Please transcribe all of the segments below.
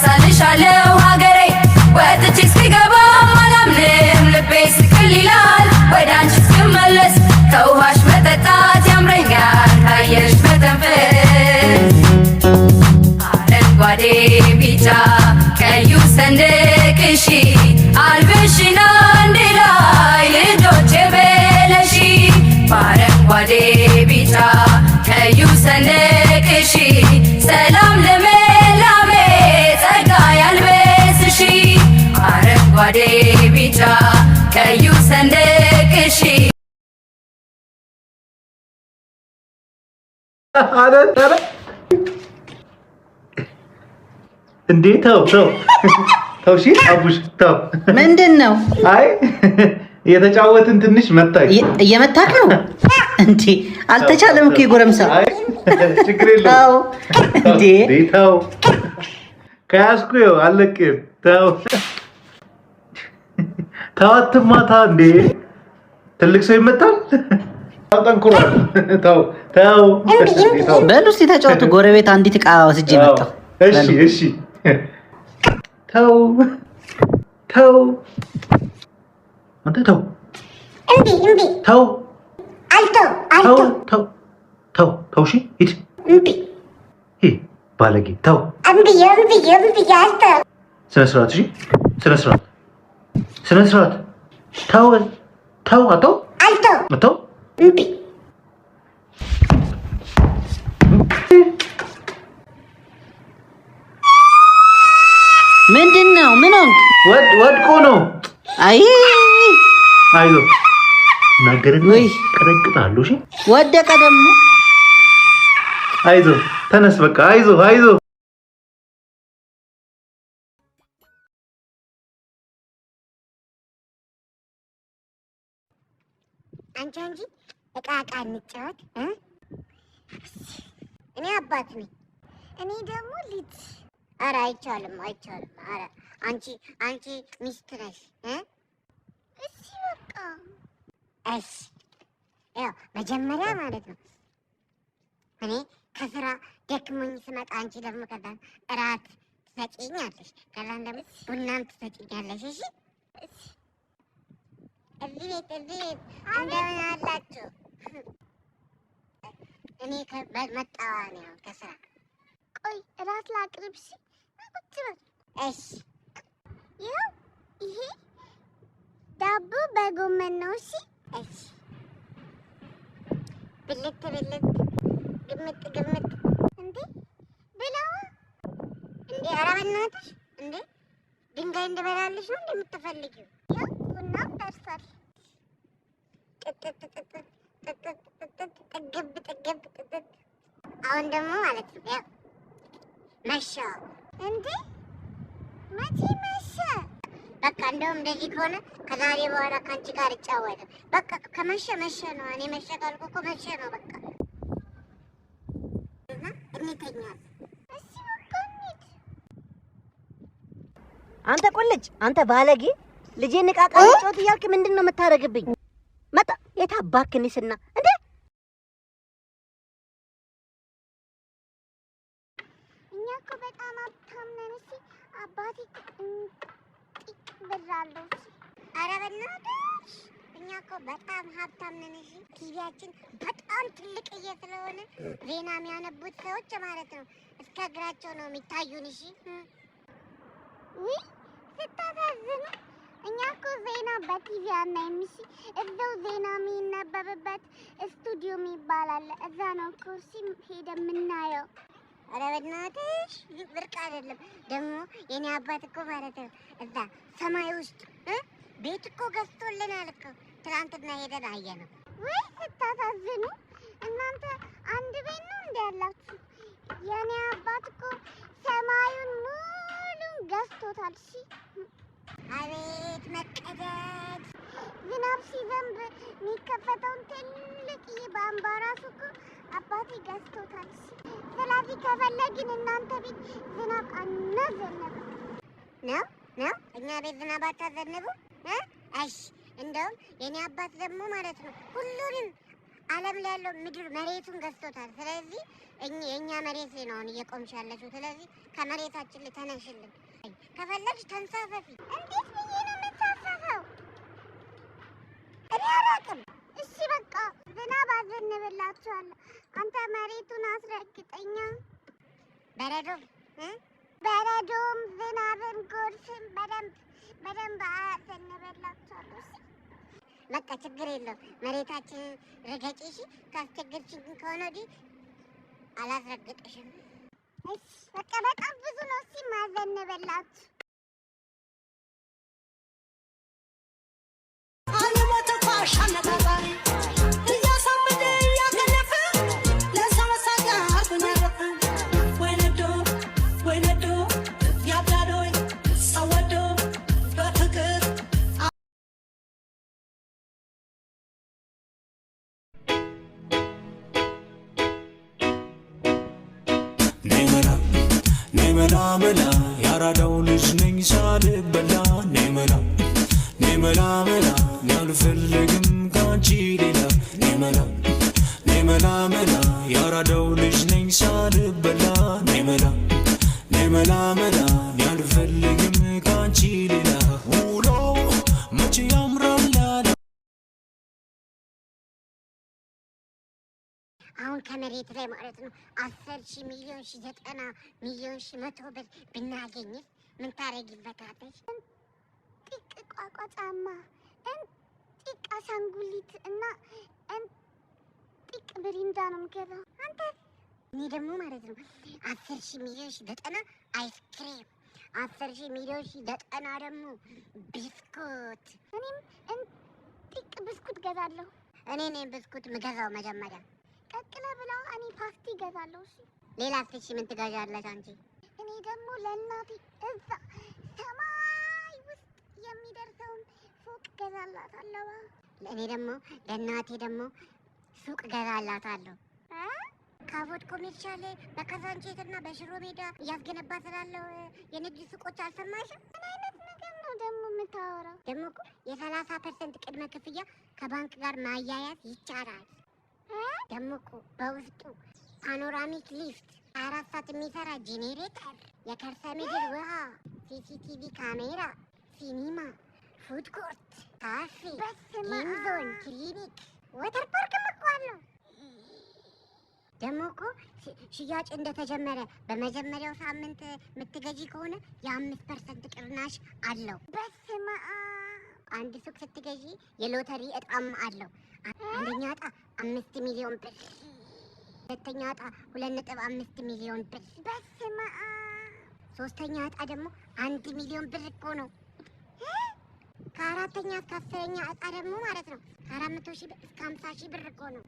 አሳንሻለው ሀገሬ ወጥቼ እስኪገባ አላምንም ልቤ ስቅል ይላል ወደ አንቺ ስመለስ ከውሃሽ መጠጣት ያምረኛል ካየሽ መተንፈስ አረንጓዴ ቢጫ ቀዩ ሰንደቅሺ አልብሽና እንዴ ላይ ልጆቼ በለሺ በአረንጓዴ ቢጫ ቀዩ ሰንደቅሺ እንዴ ተው ተው ተው፣ እሺ አቡሽ ተው። ምንድን ነው? አይ የተጫወትን ትንሽ መታ እየመታክ ነው እንዴ? አልተቻለም እኮ የጎረምሳ። ችግር እንዴ ተው፣ ከያዝኩ ይኸው አለቅም። ተው እንዴ። ትልቅ ሰው ይመታል። ጠንኩሯል። ተው ተው በሉ እስኪ ተጫወቱ። ጎረቤት አንዲት እቃ ። ወስጄ መጣሁ። እሺ እሺ፣ ተው ተው፣ አንተ ተው፣ እምቢ እምቢ፣ ተው፣ አልተው አልተው፣ ተው ተው ተው፣ እሺ ሂድ፣ እምቢ፣ ይሄ ባለጌ፣ ተው፣ እምቢ እምቢ እምቢ፣ አልተው። ስነ ስርዓት፣ እሺ፣ ስነ ስርዓት፣ ስነ ስርዓት፣ ተው ተው፣ አልተው አልተው፣ አልተው፣ እምቢ ባለጌ ተው እምቢ እምቢ እምቢ አልተው ስነ ስርዓት እሺ ስነ ስርዓት ስነ ስርዓት ተው ተው አልተው አልተው አልተው እምቢ ምንድን ነው? ምን ሆንክ? ወድቆ ነው። አይ አይዞ እናገርና ቀጠቅጣለሁ። እሺ ወደቀ ደግሞ። አይዞ ተነስ፣ በቃ አይዞ፣ አይዞ አንቺ እንጂ እቃ እቃ እንጫወት። እኔ አባት ነኝ፣ እኔ ደግሞ ልጅ አረ አይቻልም፣ አይቻልም። ኧረ አንቺ አንቺ ሚስት ነሽ። እሺ በቃ እሺ። ያው መጀመሪያ ማለት ነው እኔ ከስራ ደክሞኝ ስመጣ አንቺ ደግሞ ከዛ እራት ትሰጪኛለሽ፣ ከዛም ደግሞ ቡናም ትሰጪኛለሽ። እሺ እዚህ ቤት እዚህ ቤት እንደምን አላችሁ? እኔ መጣዋ ነው ከስራ ቆይ እራት ላቅርብ ሲል ቁጭ በል እሺ። ይኸው ይሄ ዳቦ በጎመን ነው። እሺ እሺ። ብልት ብልት ግምት ግምት እንዴ ብላዋ እንዴ! ኧረ በእናትሽ እንዴ! ድንጋይ እንድበላለሽ ነው እንደምትፈልጊው? ያው ቡናም ደርሷል። ጥጥጥ ጥግብ ጥግብ ጥጥጥ። አሁን ደግሞ ማለት ነው ያው መሸ። እንዴ መቼ መሸ? በቃ እንደውም እንደዚህ ከሆነ ከዛሬ በኋላ ከአንቺ ጋር ይጫወትም። በቃ ከመሸ መሸ ነው። እኔ መሸ ካልኩ እኮ መሸ ነው። በቃ እንተኛለን። አንተ ቁልጭ፣ አንተ ባለጌ ልጄ ንቃቃ ጮት እያልክ ምንድን ነው የምታደርግብኝ? መጣ የታባክንስና እኮ በጣም ሀብታም ነን። እሺ አባቴ ጥቂት ብር አለው። እሺ ኧረ በእናትሽ እኛ እኮ በጣም ሀብታም ነን። እሺ ቲቪያችን በጣም ትልቅ እየ ስለሆነ ዜና የሚያነቡት ሰዎች ማለት ነው እስከ እግራቸው ነው የሚታዩን። እሺ ውይ ስታሳዝኑ። እኛ እኮ ዜና በቲቪ አናይም። እሺ እዛው ዜና የሚነበብበት ስቱዲዮም የሚባል እዛ ነው እኮ ሄደ የምናየው ኧረ በእናትሽ ብርቅ አይደለም። ደግሞ የኔ አባት እኮ ማለት ነው እዛ ሰማይ ውስጥ ቤት እኮ ገዝቶልናል እኮ ትናንትና ሄደን ነው ወይ ስታሳዝኑ እናንተ አንድ ቤት ነው እንደ ያላችሁ። የኔ አባት እኮ ሰማዩን ሙሉን ገዝቶታል። እሺ አቤት መቀደድ! ዝናብ ሲዘንብ የሚከፈተውን ትልቅ ይህ በአምባራሱ እኮ አባቴ ገዝቶታል። ስለዚህ ከፈለግን እናንተ ቤት ዝናብ አናዘነብ ነው ነው እኛ ቤት ዝናብ አታዘንቡ። እሺ እንደውም የኔ አባት ደግሞ ማለት ነው ሁሉንም ዓለም ላይ ያለው ምድር መሬቱን ገዝቶታል። ስለዚህ የእኛ መሬት ነው አሁን እየቆምሽ ያለችው። ስለዚህ ከመሬታችን ልተነሽልን ከፈለግሽ ተንሳፈፊ። እንዴት ብዬ ነው የምንሳፈፈው? እኔ አላውቅም። እሺ በቃ ዝናብ አዘንብላችኋለሁ። አንተ መሬቱን አስረግጠኛ። በረዶም በረዶም ዝናብን ጎርፍን በደንብ በደንብ አዘንበላቸዋለሁ። በቃ ችግር የለው መሬታችን ርገጭ እሺ። ካስቸገርሽኝ ከሆነ ዲ አላስረግጥሽም። በቃ በጣም ብዙ ነው ሲማዘንበላችሁ ኔመላ ኔመላ መላ ያራዳው ልጅ ነኝ ሳልበላ ኔመላ ኔመላ መላ ያልፈልግም ካንቺ ሌላ ኔመላ ኔመላ መላ ያራዳው ልጅ ነኝ ሳልበላ ኔመላ ኔመላ መላ ያልፈልግም ካንቺ ሌላ አሁን ከመሬት ላይ ማለት ነው አስር ሺ ሚሊዮን ሺ ዘጠና ሚሊዮን ሺ መቶ ብር ብናገኝስ ምን ታደርጊበታለሽ? እንጢቅ ቋቋ ጫማ፣ እንጢቅ አሻንጉሊት እና እንጢቅ ብሪንዳ ነው የምገዛው። አንተ እኔ ደግሞ ማለት ነው አስር ሺ ሚሊዮን ሺ ዘጠና አይስክሬም አስር ሺ ሚሊዮን ሺ ዘጠና ደግሞ ብስኩት። እኔም እንጢቅ ብስኩት ገዛለሁ። እኔ ነኝ ብስኩት ምገዛው መጀመሪያ ቀቅለ ብላ እኔ ፓስቲ እገዛለሁ። እሺ ሌላ ስሽ ምን ትገዣለሽ አንቺ? እኔ ደግሞ ለእናቴ እዛ ሰማይ ውስጥ የሚደርሰውን ሱቅ ገዛላታለሁ። እኔ ደግሞ ለእናቴ ደግሞ ሱቅ ገዛላታለሁ። ካቦድ ኮሜርሻል በካዛንቼት እና በሽሮ ሜዳ እያስገነባ ስላለው የንግድ ሱቆች አልሰማሽም? ምን አይነት ነገር ነው ደግሞ የምታወራው? ደግሞ እኮ የሰላሳ ፐርሰንት ቅድመ ክፍያ ከባንክ ጋር ማያያዝ ይቻላል። ደምቁ በውስጡ ፓኖራሚክ ሊፍት፣ አራት ሰዓት የሚሰራ ጄኔሬተር፣ የከርሰ ምድር ውሃ፣ ሲሲቲቪ ካሜራ፣ ሲኒማ፣ ፉድ ኮርት፣ ካፌ፣ ጌም ዞን፣ ክሊኒክ፣ ወተር ፓርክ ምቋለሁ። ደግሞ እኮ ሽያጭ እንደተጀመረ በመጀመሪያው ሳምንት የምትገዢ ከሆነ የአምስት ፐርሰንት ቅናሽ አለው። በስመ አብ! አንድ ሱቅ ስትገዢ የሎተሪ እጣም አለው። አንደኛ ዕጣ አምስት ሚሊዮን ብር፣ ሁለተኛ ዕጣ ሁለት ነጥብ አምስት ሚሊዮን ብር። በስመ አብ። ሶስተኛ ዕጣ ደግሞ አንድ ሚሊዮን ብር እኮ ነው። ከአራተኛ እስከ አስረኛ ዕጣ ደግሞ ማለት ነው ከአራት መቶ ሺህ እስከ ሀምሳ ሺህ ብር እኮ ነው።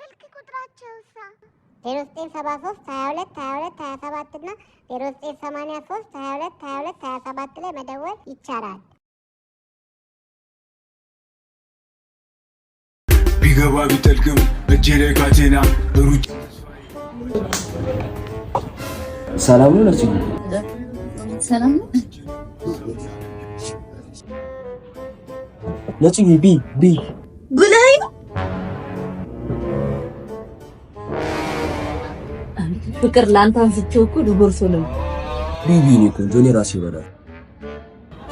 ስልክ ቁጥራቸው ሳ ዜሮ ዘጠኝ ሰባ ሶስት ሀያ ሁለት ሀያ ሁለት ሀያ ሰባት እና ዜሮ ዘጠኝ ሰማንያ ሶስት ሀያ ሁለት ሀያ ሁለት ሀያ ሰባት ላይ መደወል ይቻላል። ቢገባ ቢጠልቅም እጄ ላይ ካቴና ሩጭ ሰላም ነው። ለሱ ሰላም ቢ ቢ ብለኸኝ ነው። ፍቅር ለአንተ አንስቼው እኮ ዲቦርሶ ነው። ቢቢ እኔ ቆንጆ እኔ ራሴ ይበላል።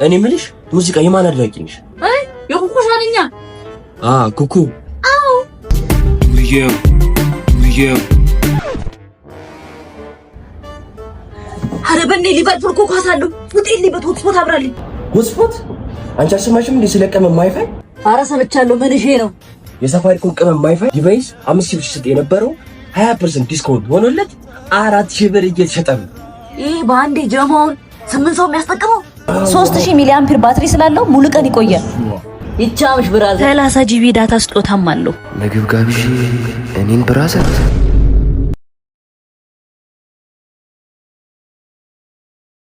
እኔ የምልሽ ሙዚቃ የማን አድራቂ ነሽ? አይ የኩኩ ሻለኛ። አዎ ኩኩ ውየው ውየው። ኧረ በኔ ሊቨርፑል እኮ ኳስ አለው ውጤት ሊበት ሆትስፖት አብራልኝ። ሆትስፖት አንቺ አልሰማሽም እንዴ? ስለ ቅመም ማይፋይ ኧረ ሰምቻለሁ። ምን ይሄ ነው የሳፋሪኮም ቅመም ማይፋይ ዲቫይስ አምስት ሺህ ስጥ የነበረው 20% ዲስካውንት ሆኖለት አራት ሺህ ብር እየተሸጠ ነው። ይህ በአንዴ ጀማውን ስምንት ሰው የሚያስጠቅመው 3000 ሚሊ አምፒር ባትሪ ስላለው ሙሉ ቀን ይቆያል። ይቻምሽ ብራዘር። ሰላሳ ጂቢ ዳታ ስጦታም አለው። ምግብ ጋብዢ እኔን ብራዘር